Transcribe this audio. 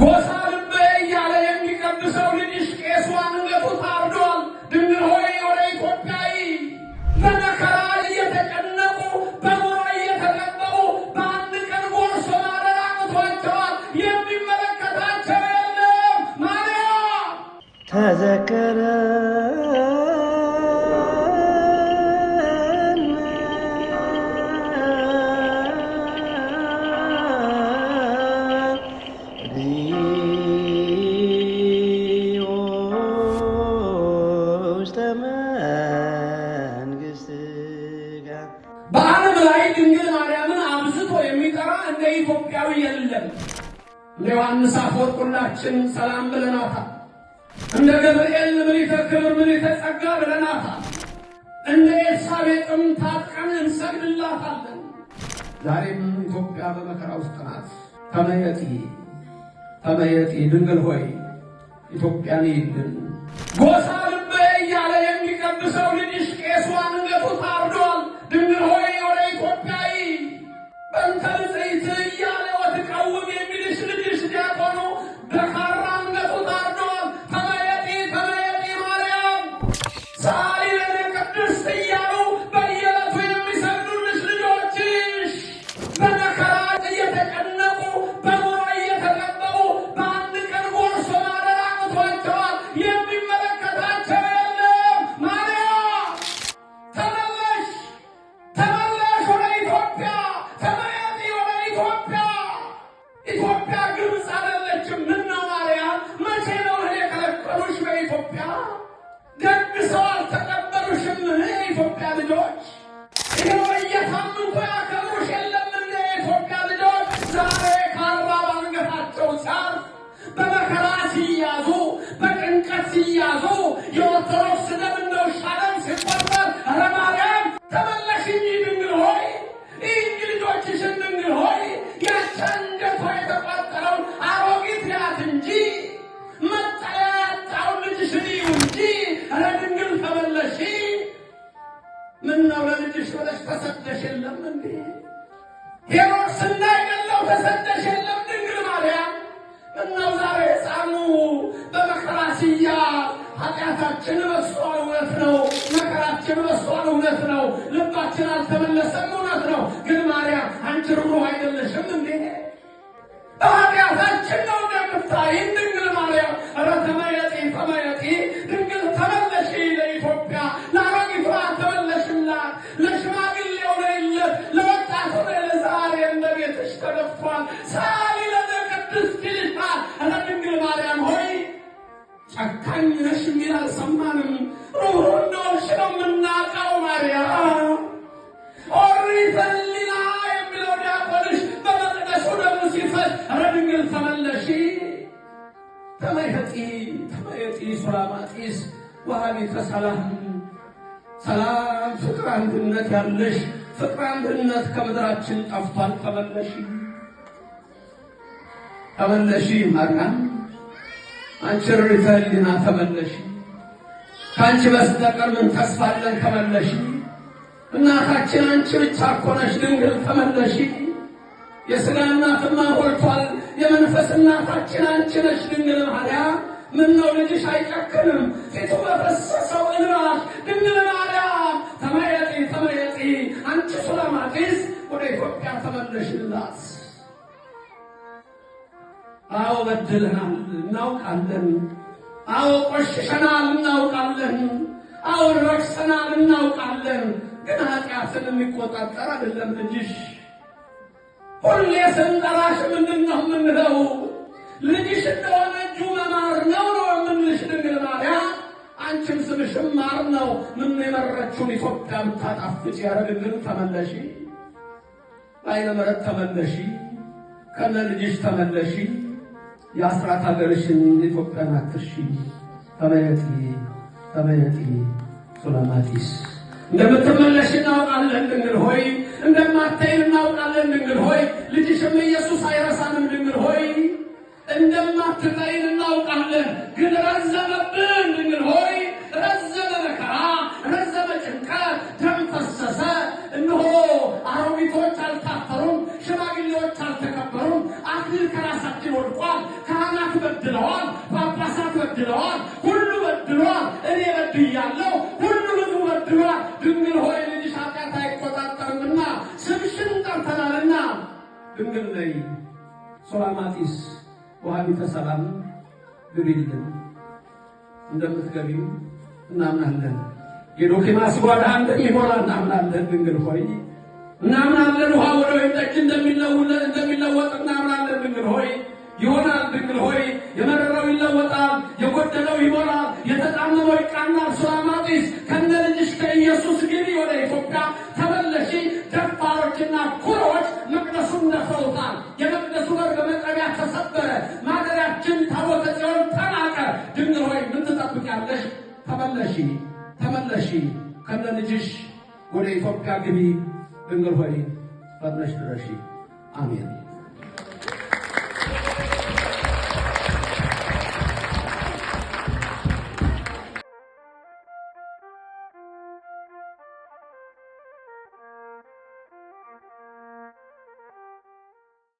ጎሳ ልቤ እያለ የሚቀድሰው ልጅሽ ቄሷን ለቱ ታርዷል። ድንግል ሆይ ወደ ኢትዮጵያዊ በመከራ እየተጨነቁ በሞራ እየተቀበሩ በአንድ ቀን ጎርሶ ማደር አቅቷቸዋል። የሚመለከታቸው የለም። ማርያም ተዘከረ ኢትዮጵያዊ የለም። ለዮሐንስ አፈወርቁላችን ሰላም ብለናታል። እንደ ገብርኤል ምሪተ ክብር ምሪተ ጸጋ ብለናታል። እንደ ኤልሳቤጥም ታጥቀን እንሰግድላታለን። ዛሬም ኢትዮጵያ በመከራ ውስጥ ናት። ተመየጢ ተመየጢ ድንግል ሆይ ኢትዮጵያን ይልን ጎሳ ልበ እያለ የሚቀብሰው ምነው ለልጅሽ ብለሽ ተሰደሽ የለም እንዴ? ሄሮድስ እንዳይገለው ተሰደሽ የለም ድንግል ማርያም? እነው ዛሬ ሕፃኑ በመከራ ሲያ ኃጢአታችን በሷል፣ እውነት ነው። መከራችን በሷል፣ እውነት ነው። ልባችን አልተመለሰም፣ እውነት ነው። ግን ማርያም አንቺ ሩሩ አይደለሽም እንዴ? በኃጢአታችን ነው እንደምታይ ተመየጢ ተመየጢ ሱላማጢስ ወሃቢተ ሰላም ሰላም፣ ፍቅር፣ አንድነት ያለሽ ፍቅር አንድነት ከምድራችን ጠፍቷል። ተመለሺ ተመለሺ ማርያም አንቺ ርዕተ ሕሊና ተመለሺ። ከአንቺ በስተቀር ምን ተስፋ አለን? ተመለሺ እናታችን አንቺ ብቻ እኮ ነሽ ድንግል። ተመለሺ የሥጋ እናትማ ሞልቷል። የመንፈስ እናታችን አንቺ ነሽ ድንግል ማርያም። ምነው ልጅሽ አይጨክንም ፊቱ በፈሰሰው እንባሽ ድንግል ማርያም ተመየጢ ተመየጢ፣ አንቺ ሱለማጢስ ወደ ኢትዮጵያ ተመለሽላት። አዎ በድለናል፣ እናውቃለን። አዎ ቆሽሸናል፣ እናውቃለን። አዎ ረክሰናል፣ እናውቃለን። ግን ኃጢአትን የሚቆጣጠር አይደለም ልጅሽ ሁሌ ስንጠራሽ ምንድን ነው የምንለው? ልጅሽ እንደሆነ እጁ መማር ነው ነው የምንልሽ ድንግል ማርያም። አንቺም ስምሽ ማር ነው። ምን የመረችውን ኢትዮጵያ ብታጣፍጭ ያደረግልን ተመለሺ፣ አይነ ምሕረት ተመለሺ፣ ከነ ልጅሽ ተመለሺ። የአስራት ሀገርሽን ኢትዮጵያን አትርሺ። ተመየጢ ተመየጢ ሱላማጢስ እንደምትመለሽ እናውቃለን ድንግል ሆይ እንደማታይል ወንድም ኢየሱስ አይረሳንም። ድንግል ሆይ እንደማትተይን እናውቃለን፣ ግን ረዘመብን። ድንግል ሆይ ረዘመ መከራ፣ ረዘመ ጭንቀት፣ ደም ፈሰሰ። እነሆ አሮጊቶች አልታፈሩም፣ ሽማግሌዎች አልተከበሩም። አክሊል ከራሳችን ወድቋል። ካህናት በድለዋል፣ ጳጳሳት በድለዋል። እምቅድመይ ሶራማጢስ ወሃቢተ ሰላም ግብይልን እንደምትገቢው እናምናለን። የዶኪማስ ጓዳ እንደሚሞላ እናምናለን። ድንግል ሆይ እናምናለን። ውሃ ወደ ወይን ጠጅ እንደሚለወጥ እናምናለን። ድንግል ሆይ ይሆናል። ድንግል ሆይ የመረረው ይለወጣል፣ የጎደለው ይሞላል፣ የተጣመመው ይቃናል። ሱራማጢስ ከነ ልጅሽ ከኢየሱስ ግቢ ወደ ኢትዮጵያ ተመለሺ። ደፋሮችና ኩሮዎች ነሰውታል። የመቅደሱ በር በመጥረቢያ ተሰበረ። ማደሪያችን ታቦተ ጽዮን ተናቀ። ድንግል ሆይ ምን ትጠብቂያለሽ? ተመለሺ፣ ተመለሺ ከነ ልጅሽ ወደ ኢትዮጵያ ግቢ። ድንግል ሆይ ፈጥነሽ ድረሺ። አሜን።